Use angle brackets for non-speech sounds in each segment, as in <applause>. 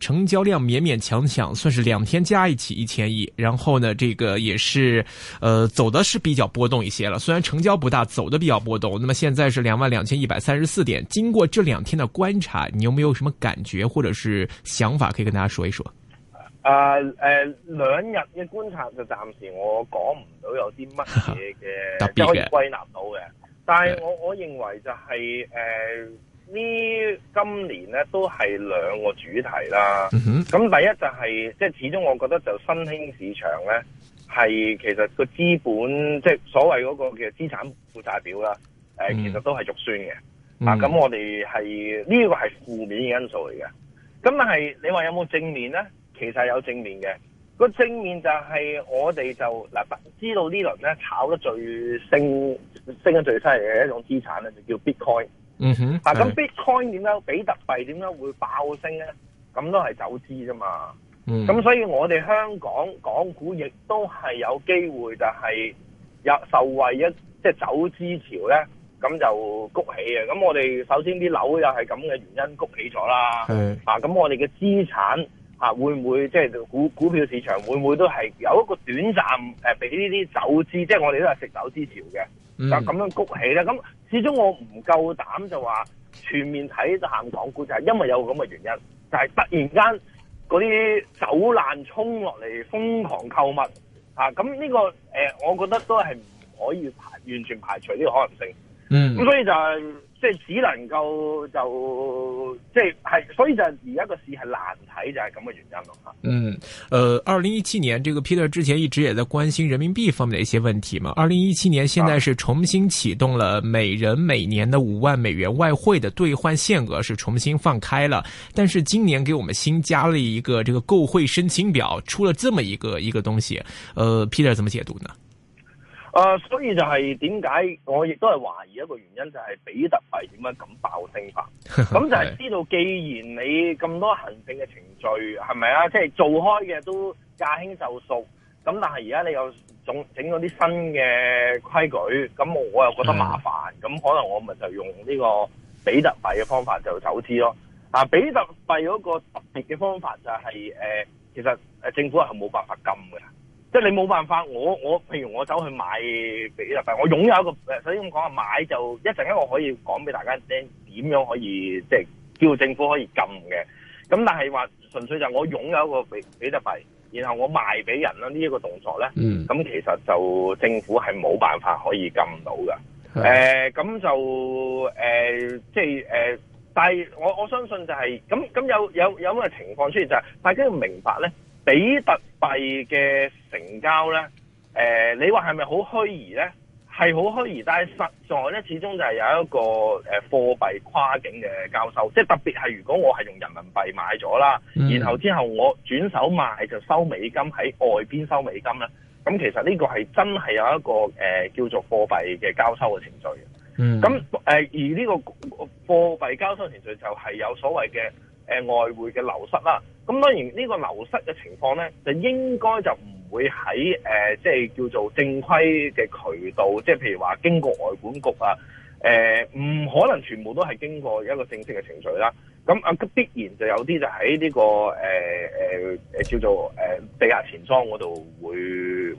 成交量勉勉強強算是兩天加一起一千億，然後呢，這個也是，呃，走的是比較波動一些了。雖然成交不大，走的比較波動。那麼現在是兩萬兩千一百三十四點。經過這兩天的觀察，你有沒有什麼感覺或者是想法可以跟大家說一說？啊、呃，呃兩日嘅觀察就暫時我講唔到有啲乜嘢嘅，呵呵特別可以歸納到嘅。但係我是我認為就係、是、誒。呃呢今年咧都係兩個主題啦。咁、mm hmm. 第一就係即係始終我覺得就新興市場咧係其實個資本即係所謂嗰個嘅資產負債表啦。Mm hmm. 其實都係逐酸嘅。咁、mm hmm. 啊、我哋係呢個係負面嘅因素嚟嘅。咁但係你話有冇正面咧？其實有正面嘅，個正面就係我哋就嗱知道輪呢輪咧炒得最升升得最犀利嘅一種資產咧就叫 Bitcoin。嗯哼，啊咁 Bitcoin 點解是比特幣點解會爆升咧？咁都係走資啫嘛。咁、嗯、所以我哋香港港股亦都係有機會，就係有受惠一即係、就是、走資潮咧。咁就谷起啊。咁我哋首先啲樓又係咁嘅原因谷起咗啦。是啊，咁我哋嘅資產嚇會唔會即係、就是、股股票市場會唔會都係有一個短暫誒俾呢啲走資，即、就、係、是、我哋都係食走資潮嘅。嗯、就咁樣谷起呢，咁始終我唔夠膽就話全面睇行港股，就係因為有咁嘅原因，就係、係、突然間嗰啲走難衝落嚟，瘋狂購物咁呢、啊呢個、呃、我覺得都係唔可以排完全排除呢個可能性。嗯，所以就係。即係只能夠就即係係，所以就而家個市係難睇，就係咁嘅原因咯。嗯，誒、呃，二零一七年，這個 Peter 之前一直也在關心人民幣方面的一些問題嘛。二零一七年，現在是重新啟動了每人每年的五萬美元外匯的兌換限額，是重新放開了。但是今年給我們新加了一個這個購匯申請表，出了這麼一個一個東西。誒、呃，Peter 怎麼解讀呢？誒，uh, 所以就係點解我亦都係懷疑一個原因，就係、是、比特幣點樣咁爆升翻。咁 <laughs> 就係知道，既然你咁多行政嘅程序係咪啊？即係、 <laughs> 就是、做開嘅都駕輕就熟。咁但係而家你又整咗啲新嘅規矩，咁我又覺得麻煩。咁 <laughs> 可能我咪就用呢個比特幣嘅方法就走資咯。啊，比特幣嗰個特別嘅方法就係、是、誒、呃，其實政府係冇辦法禁嘅。即係你冇辦法，我我譬如我走去買比特幣，我擁有一個誒，所以咁講啊，買就一陣間我可以講俾大家聽，點樣可以即係叫政府可以禁嘅。咁但係話純粹就我擁有一個幣比，比特幣，然後我賣俾人啦，呢一個動作咧，咁、嗯、其實就政府係冇辦法可以禁到噶。誒是的、呃，咁就誒、呃，即係誒、呃，但係我我相信就係咁咁有有有咁嘅情況出現，就係、是、大家要明白咧。比特幣嘅成交咧，誒、呃，你話係咪好虛擬咧？係好虛擬，但係實在咧，始終就係有一個誒貨幣跨境嘅交收，即係特別係如果我係用人民幣買咗啦，嗯、然後之後我轉手賣就收美金喺外邊收美金啦，咁其實呢個係真係有一個誒、呃、叫做貨幣嘅交收嘅程序嘅。嗯，咁誒、呃、而呢個貨幣交收程序就係有所謂嘅誒、呃、外匯嘅流失啦。咁當然呢個流失嘅情況咧，就應該就唔會喺、呃、即係叫做正規嘅渠道，即係譬如話經過外管局啊，呃、唔可能全部都係經過一個正式嘅程序啦。咁啊必然就有啲就喺呢、這個誒、呃、叫做誒、呃、地下錢莊嗰度會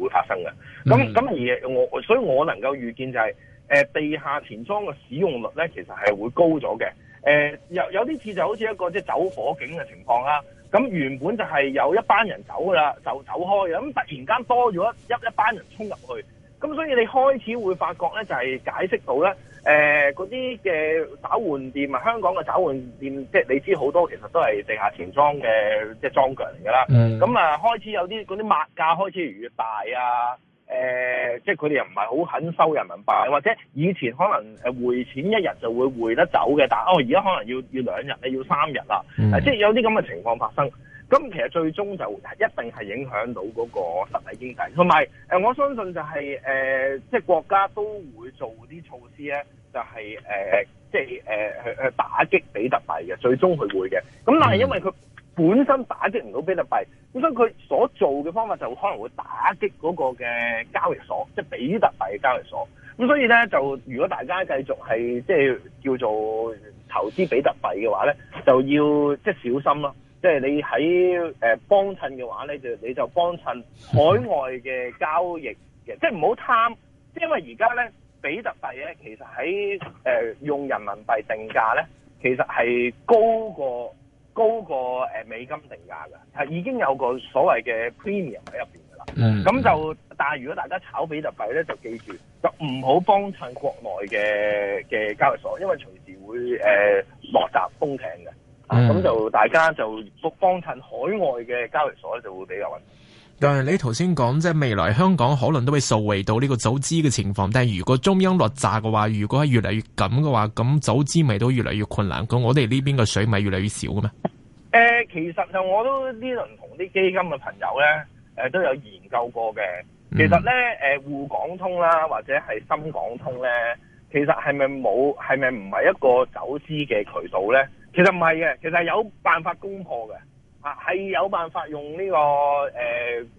會發生嘅。咁咁、嗯、而我所以我能夠預見就係、是、誒、呃、地下錢莊嘅使用率咧，其實係會高咗嘅。誒、呃、有有啲似就好似一個即係走火警嘅情況啦。咁原本就係有一班人走噶啦，就走開嘅。咁突然間多咗一一,一班人衝入去，咁所以你開始會發覺咧，就係解釋到咧，誒嗰啲嘅找換店啊，香港嘅找換店，即係你知好多其實都係地下錢莊嘅即係莊腳嚟噶啦。咁啊、嗯，開始有啲嗰啲物價開始越嚟越大啊！誒、呃，即係佢哋又唔係好肯收人民幣，或者以前可能誒匯錢一日就會匯得走嘅，但係哦而家可能要要兩日咧，要三日啦，嗯、即係有啲咁嘅情況發生。咁其實最終就一定係影響到嗰個實體經濟，同埋誒我相信就係、是、誒、呃，即係國家都會做啲措施咧、就是，就係誒即係誒去去打擊比特幣嘅，最終佢會嘅。咁但係因為佢。嗯本身打擊唔到比特幣，咁所以佢所做嘅方法就可能會打擊嗰個嘅交易所，即係比特幣交易所。咁所以咧，就如果大家繼續係即係叫做投資比特幣嘅話咧，就要即係小心咯。即係你喺呃幫襯嘅話咧，就你就幫襯海外嘅交易嘅，即係唔好貪。即係因為而家咧比特幣咧，其實喺呃用人民幣定價咧，其實係高過，高過誒美金定價㗎，係已經有個所謂嘅 premium 喺入邊㗎啦。咁、嗯、就但係如果大家炒比特幣咧，就記住就唔好幫襯國內嘅嘅交易所，因為隨時會誒、呃、落閘封艇嘅。咁、嗯啊、就大家就幫襯海外嘅交易所咧，就會比較穩定。但係，你頭先講即係未來香港可能都會受惠到呢個走資嘅情況，但係如果中央落閘嘅話，如果係越嚟越緊嘅話，咁走資咪都越嚟越困難？咁我哋呢邊嘅水咪越嚟越少嘅咩？誒，其實就我都呢輪同啲基金嘅朋友咧，誒，都有研究過嘅。其實咧，誒，滬港通啦，或者係深港通咧，其實係咪冇？係咪唔係一個走資嘅渠道咧？其實唔係嘅，其實係有辦法攻破嘅。係有辦法用呢、這個誒、呃、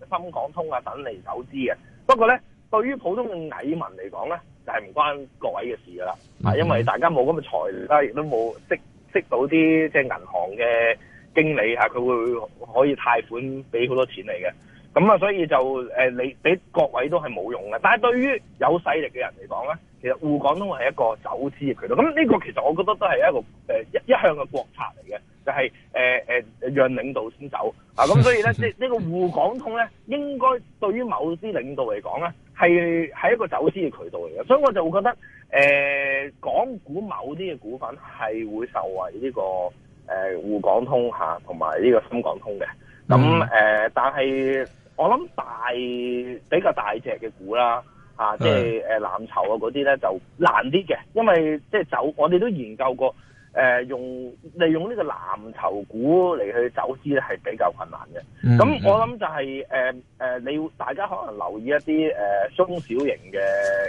深港通啊等嚟走資嘅，不過咧對於普通嘅蟻民嚟講咧，就係、是、唔關各位嘅事啦。啊、mm，hmm. 因為大家冇咁嘅財力啦，亦都冇識識到啲即係銀行嘅經理啊，佢會可以貸款俾好多錢你嘅。咁啊，所以就誒、呃、你俾各位都係冇用嘅。但係對於有勢力嘅人嚟講咧，其實滬港通係一個走資嘅渠道。咁呢個其實我覺得都係一個誒、呃、一一向嘅國策嚟嘅。就係誒誒讓領導先走啊！咁所以咧，即係呢個滬港通咧，應該對於某啲領導嚟講咧，係係一個走資嘅渠道嚟嘅，所以我就會覺得誒、呃，港股某啲嘅股份係會受惠呢、這個誒滬、呃、港通下同埋呢個深港通嘅。咁誒、嗯呃，但係我諗大比較大隻嘅股啦，啊，嗯、即係誒攬籌啊嗰啲咧就難啲嘅，因為即係、就是、走，我哋都研究過。誒、呃、用利用呢個藍籌股嚟去走資咧，係比較困難嘅。咁、嗯、我諗就係誒誒，你、呃呃、大家可能留意一啲誒、呃、中小型嘅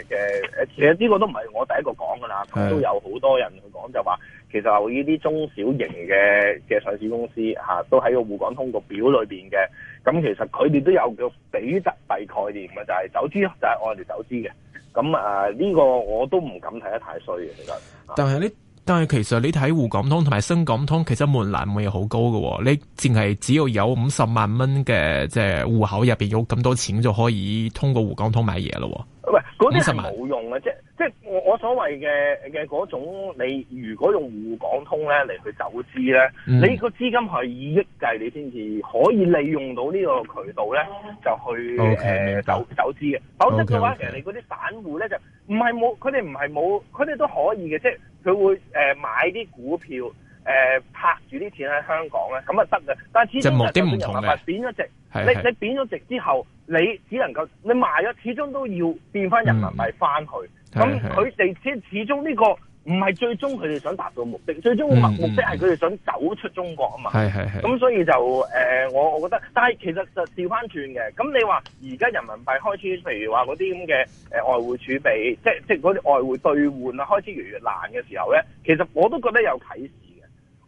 嘅誒，其實呢個都唔係我第一個講噶啦，的都有好多人去講就話，其實留意啲中小型嘅嘅上市公司、啊、都喺個滬港通個表裏面嘅。咁、啊、其實佢哋都有個比特幣概念嘅，就係、是、走資就係按哋走資嘅。咁啊，呢、這個我都唔敢睇得太衰嘅，其、啊、實。但係呢？但係其實你睇滬港通同埋深港通，其實門檻冇好高嘅，你淨係只要有五十萬蚊嘅，即係戶口入邊有咁多錢就可以通過滬港通買嘢咯。唔，嗰啲係冇用嘅萬，即即我我所謂嘅嘅嗰種，你如果用滬港通咧嚟去走資咧，嗯、你個資金係以億計，你先至可以利用到呢個渠道咧，就去誒走走資嘅。否則嘅話，其實 Okay, okay. 你嗰啲散戶咧就。唔係冇，佢哋唔係冇，佢哋都可以嘅，即係佢會誒、呃、買啲股票，誒、呃、拍住啲錢喺香港咧，咁啊，得嘅。但係始終點唔同係貶咗值。你你貶咗值之後，你只能夠你賣咗，始終都要變翻人民幣翻去。咁佢哋即係始終呢、這個。唔係最終佢哋想達到目的，最終目目的係佢哋想走出中國啊嘛。咁、嗯嗯、所以就誒、呃、我我覺得，但係其實就調翻轉嘅。咁你話而家人民幣開始，譬如話嗰啲咁嘅誒外匯儲備，即係即係嗰啲外匯兌換啊，開始越嚟越難嘅時候咧，其實我都覺得有啟。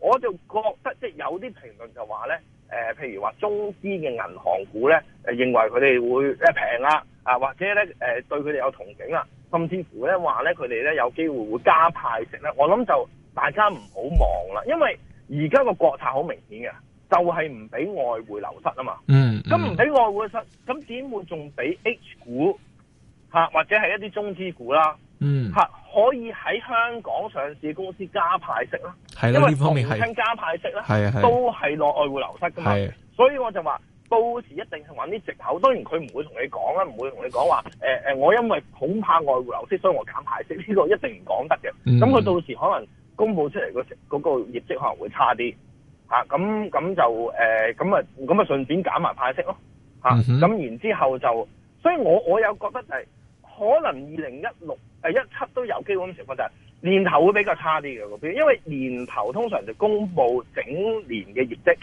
我就覺得即係有啲評論就話咧，誒、呃，譬如話中資嘅銀行股咧，誒，認為佢哋會平啊，啊，或者咧誒、呃、對佢哋有同情啊，甚至乎咧話咧佢哋咧有機會會加派息咧，我諗就大家唔好望啦，因為而家個國策好明顯嘅，就係唔俾外匯流失啊嘛嗯。嗯。咁唔俾外匯流失，咁點會仲俾 H 股嚇、啊、或者係一啲中資股啦？嗯，吓可以喺香港上市公司加派息啦，係啦的，呢方面因為加派息啦，係啊係，都係落外匯流失噶嘛，的所以我就話的到時一定係搵啲藉口，當然佢唔會同你講啦，唔會同你講話，誒、呃、誒，我因為恐怕外匯流失，所以我減派息，呢、這個一定唔講得嘅，咁佢、嗯、到時可能公布出嚟個嗰個業績可能會差啲，吓咁咁就誒咁啊咁啊，順、呃、便減埋派息咯，吓、啊，咁、嗯、哼然之後就，所以我我有覺得就係。可能二零一六誒一七都有機會咁情況，就係年頭會比較差啲嘅嗰邊，因為年頭通常就公布整年嘅業績，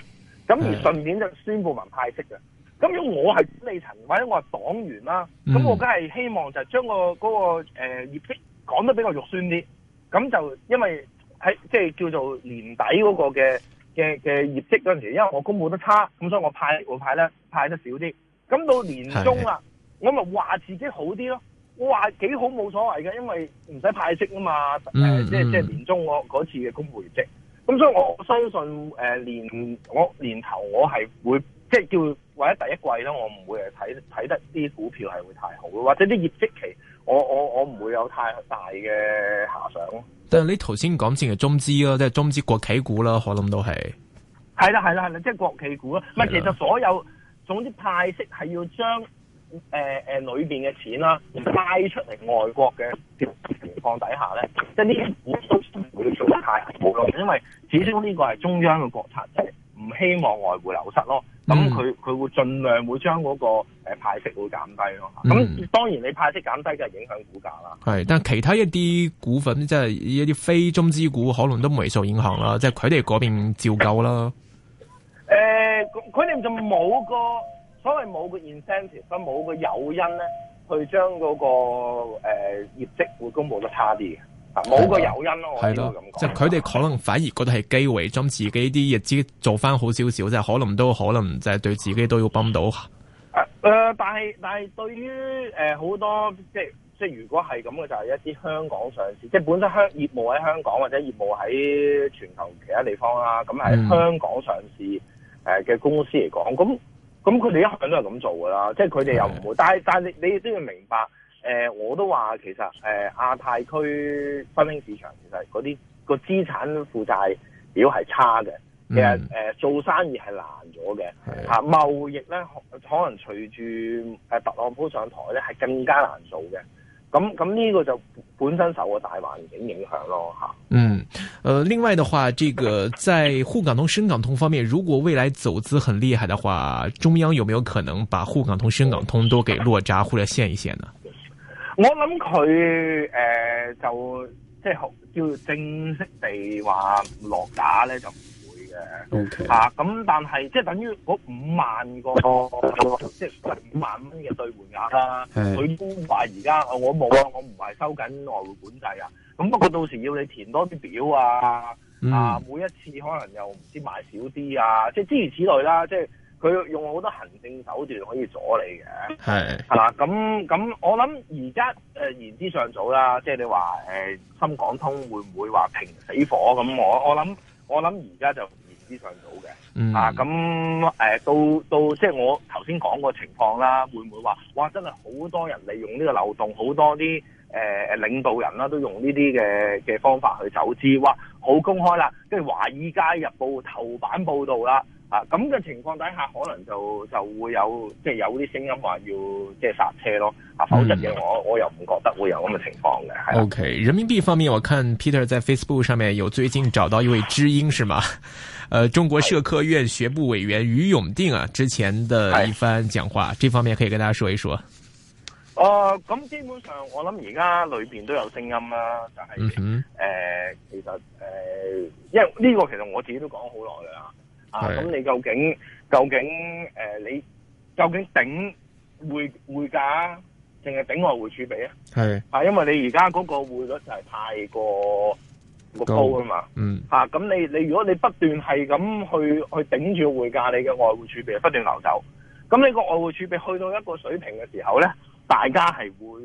咁的而順便就宣佈埋派息嘅。咁如果我係管理層或者我係黨員啦，咁、嗯、我梗係希望就係將、嗰個嗰個誒業績講得比較肉酸啲。咁就因為喺即係叫做年底嗰個嘅嘅嘅業績嗰陣時候，因為我公布得差，咁所以我派我派咧派得少啲。咁到年中啦，是的我咪話自己好啲咯。我話幾好冇所謂嘅，因為唔使派息啊嘛，嗯嗯呃、即係即年中我嗰次嘅公佈息，咁所以我相信、呃、年我年頭我係會即係叫或者第一季咧，我唔會係睇睇得啲股票係會太好，或者啲業績期，我我我唔會有太大嘅遐想咯。但係你頭先講先係中資咯，即係中資國企股啦，可能都係。係啦，係啦，係啦，即係國企股咯。唔係其實所有總之派息係要將。誒誒、呃呃，裏邊嘅錢啦、啊，派出嚟外國嘅情況底下咧，即係呢啲股都唔會做得太好咯，因為始終呢個係中央嘅國策，即係唔希望外匯流失咯。咁佢佢會盡量會將嗰個誒派息會減低咯。咁當然你派息減低就係影響股價啦。係、嗯嗯，但係其他一啲股份即係、就是、一啲非中資股，可能都未受影響啦。即係佢哋嗰邊照舊啦。誒、呃，佢哋就冇個。所謂冇個 incentive，冇個誘因咧，去將嗰、那個誒、呃、業績會公布得差啲嘅，啊冇個誘因咯，是的我覺得咁即佢哋可能反而覺得係機會，咁的自己啲業績做翻好少少，即可能都可能就係對自己都要崩到嚇、呃。但係但係對於誒好、呃、多即即如果係咁嘅，就係、是、一啲香港上市，即係本身香業務喺香港或者業務喺全球其他地方啦，咁喺香港上市嘅公司嚟講，咁、嗯。咁佢哋一向都係咁做㗎啦，即係佢哋又唔會。的嗯、但但你你都要明白，誒、呃、我都話其實誒、呃、亞太區新興市場其實嗰啲、那個資產負債表係差嘅，其實、呃、做生意係難咗嘅，嚇是的、啊、貿易咧可能隨住、呃、特朗普上台咧係更加難做嘅。咁咁呢個就本身受個大環境影響咯吓，嗯，呃，另外的話，這個在滬港通、深港通方面，如果未來走資很厲害的話，中央有沒有可能把滬港通、深港通都給落閘或者限一限呢？我諗佢誒就即係叫正式地話落閘咧就。O Okay . K. 啊，咁但係即係等於嗰五萬個，oh. 即係五萬蚊嘅兌換額啦。佢都話而家我冇啊，我唔係收緊外匯管制啊。咁不過到時要你填多啲表啊，mm. 啊每一次可能又唔知買少啲啊，即係諸如此類啦。即係佢用好多行政手段可以阻你嘅。係 Yeah.。嗱咁咁，我諗而家誒言之尚早啦。即係你話誒、呃、深港通會唔會話停死火咁？我我諗我諗而家就。非常早嘅，嗯、啊，咁誒到到即係我頭先講個情況啦，會唔會話哇？真係好多人利用呢個漏洞？好多啲誒、呃、領導人啦，都用呢啲嘅嘅方法去走資，哇！好公開啦，跟住華爾街日報頭版報道啦。啊，咁嘅情況底下，可能就就會有、就是、有即係有啲聲音話要即係剎車咯。啊，否則嘅我我又唔覺得會有咁嘅情況嘅。啊、o、okay, K，人民幣方面，我看 Peter 在 Facebook 上面有最近找到一位知音，是嗎？呃，中國社科院學部委員余永定啊，之前的一番講話，啊、這方面可以跟大家說一說。哦、呃，咁基本上我諗而家裏邊都有聲音啦，就係誒，其實誒、呃，因為呢個其實我自己都講好耐啦。是啊，咁你究竟究竟誒、呃，你究竟頂匯匯價定係頂外匯儲備是啊？係，因為你而家嗰個匯率就係太過太高啊嘛高。嗯。吓、啊，咁你你如果你不斷係咁去去頂住匯價，你嘅外匯儲備不斷流走，咁你個外匯儲備去到一個水平嘅時候咧，大家係會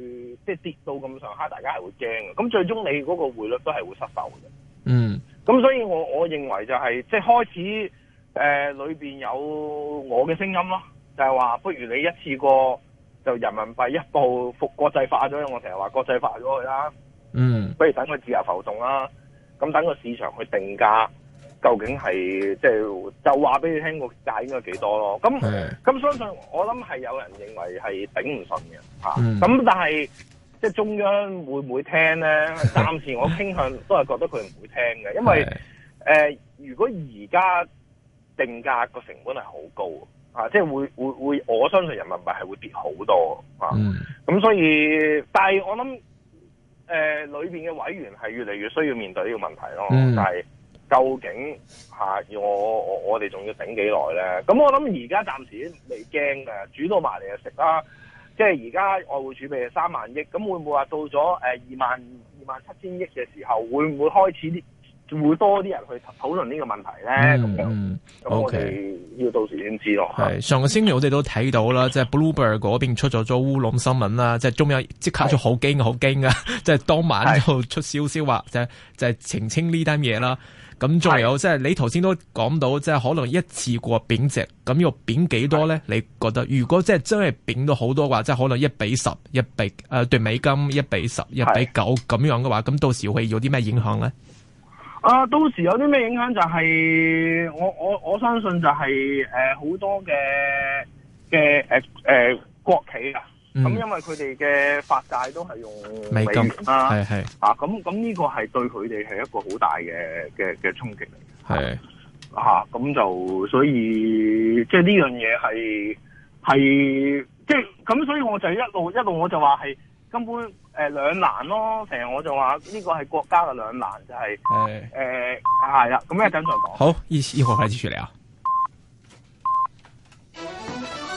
即係跌到咁上下，大家係會驚嘅。咁最終你嗰個匯率都係會失守嘅。嗯。咁所以我我認為就係、是、即係開始。誒，裏邊、呃、有我嘅聲音咯，就係、是、話不如你一次過就人民幣一步複國際化咗，我成日話國際化咗佢啦。嗯，不如等佢自由浮動啦，咁等個市場去定價，究竟係即係就話俾你聽個價應該幾多咯。咁咁相信我諗係有人認為係頂唔順嘅吓。咁、嗯嗯、但係即係中央會唔會聽咧？暫時我傾向 <laughs> 都係覺得佢唔會聽嘅，因為誒是、呃，如果而家。定價個成本係好高啊！即係會會會，我相信人民幣係會跌好多啊！咁、嗯、所以，但係我諗誒裏邊嘅委員係越嚟越需要面對呢個問題咯。嗯、但係究竟吓、啊，我我我哋仲要頂幾耐咧？咁我諗而家暫時未驚嘅，煮到埋嚟就食啦。即係而家外匯儲備係三萬億，咁會唔會話到咗誒二萬二萬七千億嘅時候，會唔會開始跌？會多啲人去討論呢個問題咧。咁嗯，OK，我哋要到時先知咯。係上個星期我哋都睇到啦，即係 Bloomberg 嗰邊出咗咗烏龍新聞啦。即係中央即刻 Okay. 就好驚，好驚啊！即係當晚就出少少話，就就係澄清呢單嘢啦。咁仲有即係是你頭先都講到，即係可能一次過貶值，咁要貶幾多咧？是你覺得如果即係真係貶到好多嘅話，即係可能一比十是、一比誒兌美金一比十、一比九咁樣嘅話，咁到時會有啲咩影響咧？啊！到時有啲咩影響就係、是、我我我相信就係誒好多嘅嘅誒誒國企啊，咁、嗯、因為佢哋嘅發債都係用美金、啊，係啊咁咁呢個係對佢哋係一個好大嘅嘅嘅衝擊嚟，係、啊、咁是、啊、就所以即係呢樣嘢係係即係咁，就是就是、所以我就一路一路我就話係根本。誒兩、呃、難咯，成日我就話呢、這個係國家嘅兩難，就係誒誒係啦。咁一陣再講。呃啊、講好，一依個開始處理啊。